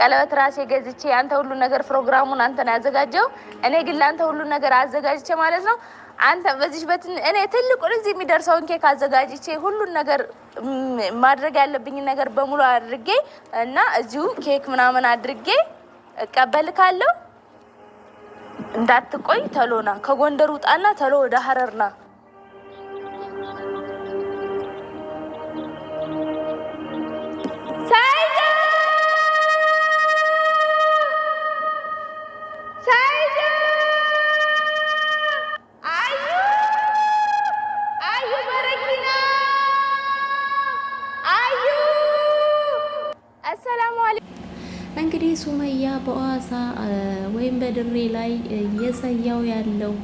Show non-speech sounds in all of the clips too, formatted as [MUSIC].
ቀለበት ራሴ ገዝቼ አንተ ሁሉ ነገር ፕሮግራሙን አንተ ነው ያዘጋጀው። እኔ ግን ለአንተ ሁሉ ነገር አዘጋጅቼ ማለት ነው አንተ በዚህ በት እኔ ትልቁን እዚህ የሚደርሰውን ኬክ አዘጋጅቼ ሁሉን ነገር ማድረግ ያለብኝን ነገር በሙሉ አድርጌ እና እዚሁ ኬክ ምናምን አድርጌ እቀበልካለሁ። እንዳትቆይ ተሎና ከጎንደር ውጣና ተሎ ወደ ሀረርና ሱመያ በአዋሳ ወይም በድሬ ላይ የሰያው ያለው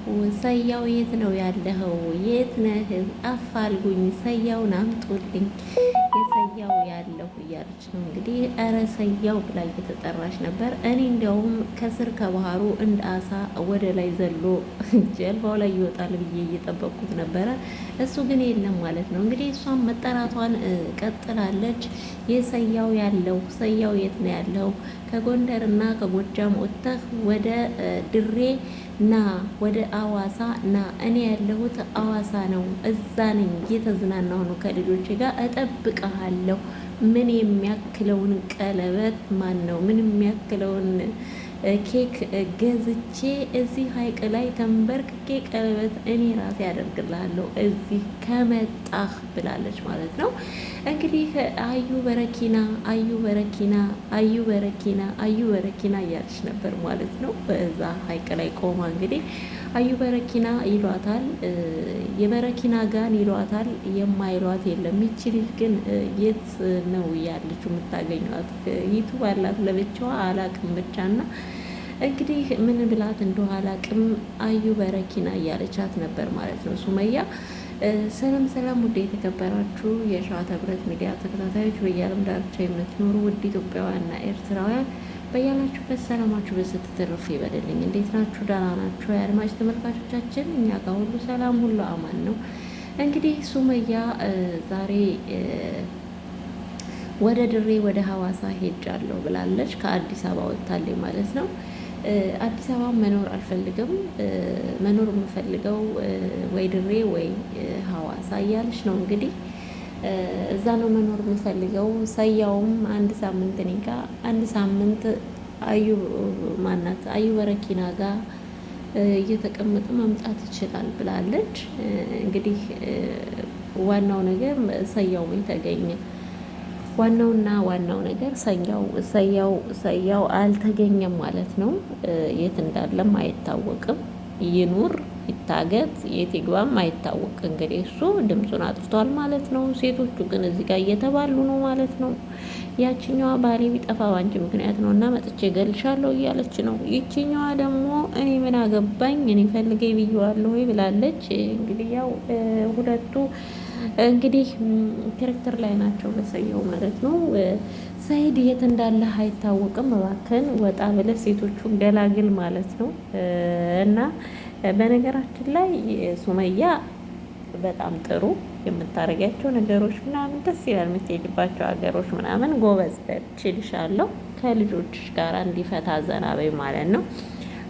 ሰያው የት ነው ያለኸው? የት ነህ? አፋልጉኝ፣ ሰያውን አምጡልኝ፣ የሰያው ያለሁ እያለች ነው እንግዲህ። እረ ሰያው ብላ እየተጠራች ነበር። እኔ እንዲያውም ከስር ከባህሩ እንደ አሳ ወደ ላይ ዘሎ ጀልባው ላይ ይወጣል ብዬ እየጠበቅኩት ነበረ። እሱ ግን የለም ማለት ነው እንግዲህ። እሷም መጠራቷን ቀጥላለች። የሰያው ያለው ሰያው የት ነው ያለው ከጎንደር እና ከጎጃም ወጥተህ ወደ ድሬ ና፣ ወደ አዋሳ ና። እኔ ያለሁት አዋሳ ነው። እዛ ነኝ እየተዝናናሁ ነው ከልጆች ጋር እጠብቀሃለሁ። ምን የሚያክለውን ቀለበት ማን ነው? ምን የሚያክለውን ኬክ ገዝቼ እዚህ ሀይቅ ላይ ተንበርክኬ ቀለበት እኔ ራሴ ያደርግልሃለሁ እዚህ ከመጣህ ብላለች ማለት ነው። እንግዲህ አዩ በረኪና፣ አዩ በረኪና፣ አዩ በረኪና፣ አዩ በረኪና እያለች ነበር ማለት ነው። በዛ ሀይቅ ላይ ቆማ እንግዲህ አዩ በረኪና ይሏታል፣ የበረኪና ጋን ይሏታል። የማይሏት የለም። ይቺ ግን የት ነው ያለችው? የምታገኟት ይቱ ባላት ለብቻዋ አላቅም ብቻ ና እንግዲህ ምን ብላት እንደኋላ አቅም አዩ በረኪና እያለቻት ነበር ማለት ነው ሱመያ። ሰላም ሰላም፣ ውድ የተከበራችሁ የሸዋት ህብረት ሚዲያ ተከታታዮች በየዓለም ዳርቻ የምትኖሩ ውድ ኢትዮጵያውያንና ኤርትራውያን በያላችሁበት ሰላማችሁ በስት ትርፍ ይበልልኝ። እንዴት ናችሁ? ደህና ናችሁ? የአድማጭ ተመልካቾቻችን እኛ ጋር ሁሉ ሰላም ሁሉ አማን ነው። እንግዲህ ሱመያ ዛሬ ወደ ድሬ ወደ ሀዋሳ ሄጃለሁ ብላለች። ከአዲስ አበባ ወጥታለች ማለት ነው። አዲስ አበባ መኖር አልፈልግም። መኖር የምፈልገው ወይ ድሬ ወይ ሀዋሳ እያለች ነው እንግዲህ እዛ ነው መኖር የምፈልገው። ሰያውም አንድ ሳምንት እኔ ጋ አንድ ሳምንት አዩ ማናት አዩ በረኪና ጋ እየተቀመጠ መምጣት ይችላል ብላለች። እንግዲህ ዋናው ነገር ሰያው የተገኘ ዋናውና ዋናው ነገር ሰያው ሰያው ሰያው አልተገኘም ማለት ነው። የት እንዳለም አይታወቅም። ይኑር ይታገት የት ይግባም አይታወቅ። እንግዲህ እሱ ድምፁን አጥፍቷል ማለት ነው። ሴቶቹ ግን እዚህ ጋር እየተባሉ ነው ማለት ነው። ያችኛዋ ባሌ ቢጠፋ ባንቺ ምክንያት ነው እና መጥቼ ገልሻለሁ እያለች ነው። ይችኛዋ ደግሞ እኔ ምን አገባኝ እኔ ፈልገ ብዬዋለሁ ብላለች። እንግዲህ ያው ሁለቱ እንግዲህ ክርክር ላይ ናቸው መሰየው ማለት ነው። ሰኢድ የት እንዳለ አይታወቅም። እባክህን ወጣ ብለህ ሴቶቹን ገላግል ማለት ነው። እና በነገራችን ላይ ሱመያ በጣም ጥሩ የምታደርጋቸው ነገሮች ምናምን ደስ ይላል። የምትሄድባቸው ሀገሮች ምናምን ጎበዝ ችልሻለሁ። ከልጆችሽ ጋር እንዲፈታ ዘናበይ ማለት ነው።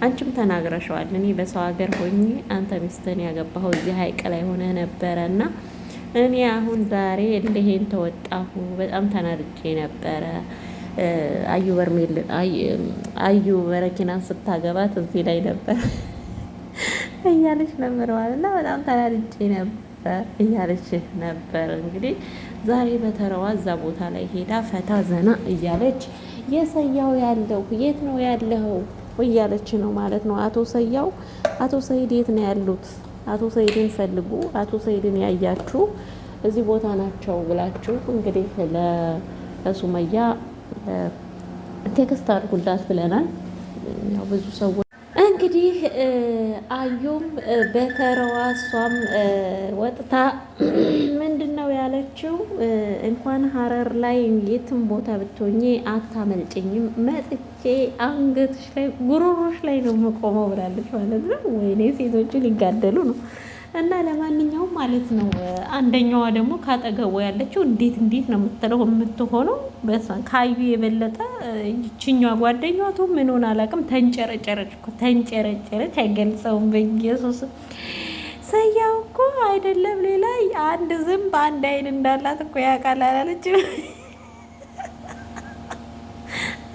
አንቺም ተናግረሸዋል። እኔ በሰው ሀገር ሆኜ አንተ ሚስትህን ያገባኸው እዚህ ሀይቅ ላይ ሆነ ነበረ እና እኔ አሁን ዛሬ እንደሄን ተወጣሁ። በጣም ተናድጄ ነበረ። አዩ በርሜል አዩ በረኪናን ስታገባት እዚህ ላይ ነበር [LAUGHS] እያለች ነምረዋል እና በጣም ተናድጄ ነበር እያለች ነበር። እንግዲህ ዛሬ በተረዋ እዛ ቦታ ላይ ሄዳ ፈታ ዘና እያለች የሰያው ያለው የት ነው ያለው እያለች ነው ማለት ነው። አቶ ሰያው አቶ ሰይድ የት ነው ያሉት አቶ ሰይድን ፈልጉ። አቶ ሰይድን ያያችሁ እዚህ ቦታ ናቸው ብላችሁ እንግዲህ ለሱመያ ቴክስት አድርጉላት ብለናል። ያው ብዙ ሰዎች እንግዲህ አዩም በተረዋ እሷም ወጥታ [CLEARS THROAT] ምንድን ነው ያለችው፣ እንኳን ሀረር ላይ የትም ቦታ ብትሆኚ አታመልጭኝም፣ መጥቼ አንገትሽ ላይ ጉሮሮሽ ላይ ነው የምቆመው ብላለች ማለት ነው። ወይኔ ሴቶቹ ሊጋደሉ ነው። እና ለማንኛውም ማለት ነው አንደኛዋ ደግሞ ካጠገቡ ያለችው እንዴት እንዴት ነው የምትለው የምትሆነው ካዩ የበለጠ ይችኛዋ ጓደኛዋ ቱ ምን ሆነ አላውቅም። ተንጨረጨረች እኮ ተንጨረጨረች። አይገልጸውም በኢየሱስ ሰያው እኮ አይደለም ሌላ አንድ ዝንብ አንድ አይን እንዳላት እኮ ያውቃል አላለች። [LAUGHS]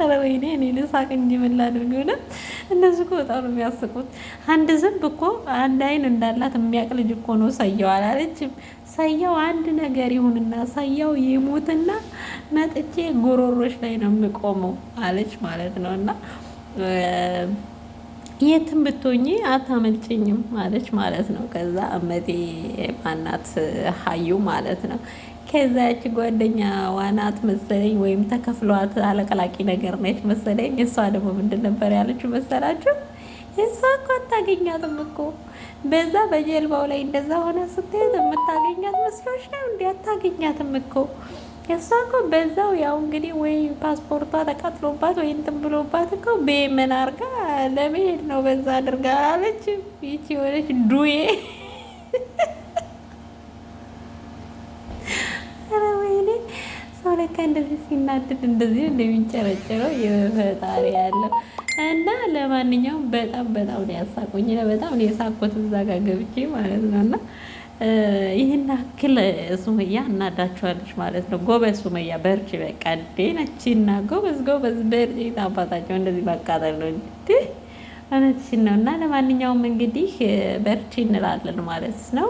ኧረ ወይኔ እኔ ልሳቅ እንጂ ምን ላድርግ ሆነ እነዚህ እኮ በጣም ነው የሚያስቁት። አንድ ዝንብ እኮ አንድ አይን እንዳላት የሚያቅ ልጅ እኮ ነው ሰየው አላለችም። ሰየው አንድ ነገር ይሁንና ሰየው ይሙትና መጥቼ ጎሮሮች ላይ ነው የምቆመው አለች ማለት ነው እና የትም ብትሆኚ አታመልጭኝም አለች ማለት ነው። ከዛ እመቴ ማናት ሀዩ ማለት ነው ከዛ ያቺ ጓደኛ ዋናት መሰለኝ ወይም ተከፍሏት አለቅላቂ ነገር ነች መሰለኝ። እሷ ደግሞ ምንድን ነበር ያለችው መሰላችሁ? እሷ እኮ አታገኛትም እኮ በዛ በጀልባው ላይ እንደዛ ሆነ ስትሄድ የምታገኛት መስሎች ነው እንዲ አታገኛትም እኮ እሷ እኮ በዛው ያው እንግዲህ ወይ ፓስፖርቷ ተቃጥሎባት ወይ እንትን ብሎባት እኮ በየመን አርጋ ለመሄድ ነው በዛ አድርጋ አለች። ይቺ የሆነች ዱዬ ለካ እንደዚህ ሲናደድ እንደዚህ እንደሚንጨረጨረው የፈጣሪ ያለው እና ለማንኛውም በጣም በጣም ነው ያሳቁኝ። በጣም ነው የሳቆት እዛ ጋር ገብቼ ማለት ነው እና ይህን አክል ሱመያ እናዳችኋለች ማለት ነው። ጎበዝ ሱመያ በርቺ፣ በቃ እንዴ ነችና ጎበዝ ጎበዝ በርቺ። ታባታቸው እንደዚህ መቃጠል ነው እንዴ እውነትሽን ነው። እና ለማንኛውም እንግዲህ በርቺ እንላለን ማለት ነው።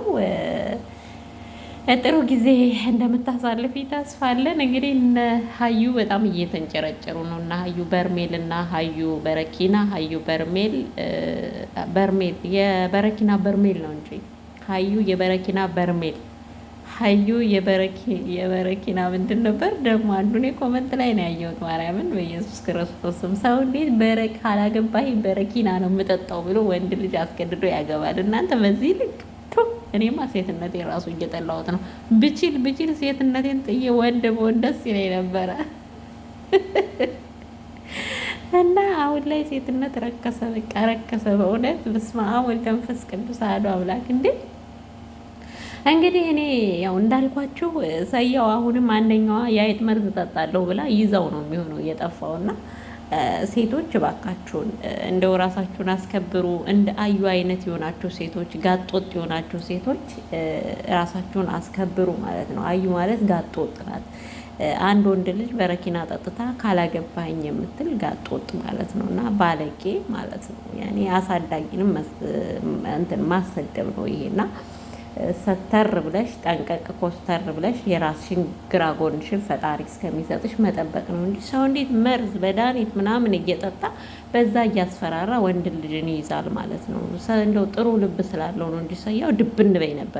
ጥሩ ጊዜ እንደምታሳልፊ ተስፋለን። እንግዲህ እነ ሀዩ በጣም እየተንጨረጨሩ ነው እና ሀዩ በርሜል እና ሀዩ በረኪና ሀዩ በርሜል በርሜል የበረኪና በርሜል ነው እንጂ ሀዩ የበረኪና በርሜል ሀዩ የበረኪና ምንድን ነበር ደግሞ? አንዱ አንዱን ኮመንት ላይ ነው ያየሁት። ማርያምን በኢየሱስ ክርስቶስም ሰው እንዴት በረክ አላገባኝ በረኪና ነው የምጠጣው ብሎ ወንድ ልጅ አስገድዶ ያገባል? እናንተ በዚህ ልክ እኔማ ሴትነቴ ራሱ እየጠላሁት ነው። ብችል ብችል ሴትነቴን ጥዬ ወንድ በሆን ደስ ይለኝ ነበረ እና አሁን ላይ ሴትነት ረከሰ፣ በቃ ረከሰ። በእውነት በስመ አብ ወልድ መንፈስ ቅዱስ አሐዱ አምላክ እንዴ! እንግዲህ እኔ ያው እንዳልኳችሁ ሰያው አሁንም አንደኛዋ የአይጥ መርዝ ጠጣለሁ ብላ ይዛው ነው የሚሆነው የጠፋውና ሴቶች እባካችሁን እንደው ራሳችሁን አስከብሩ። እንደ አዩ አይነት የሆናችሁ ሴቶች፣ ጋጦጥ የሆናችሁ ሴቶች ራሳችሁን አስከብሩ ማለት ነው። አዩ ማለት ጋጦጥ ናት። አንድ ወንድ ልጅ በረኪና ጠጥታ ካላገባኝ የምትል ጋጦጥ ማለት ነው እና ባለጌ ማለት ነው። ያኔ አሳዳጊንም እንትን ማሰደብ ነው ይሄና ሰተር ብለሽ ጠንቀቅ ኮስተር ብለሽ የራስሽን ግራ ጎንሽን ፈጣሪ እስከሚሰጥሽ መጠበቅ ነው እንጂ ሰው እንዴት መርዝ መድኃኒት ምናምን እየጠጣ በዛ እያስፈራራ ወንድ ልጅን ይይዛል ማለት ነው? እንደው ጥሩ ልብ ስላለው ነው እንጂ ሰውየው ድብን በይ ነበር።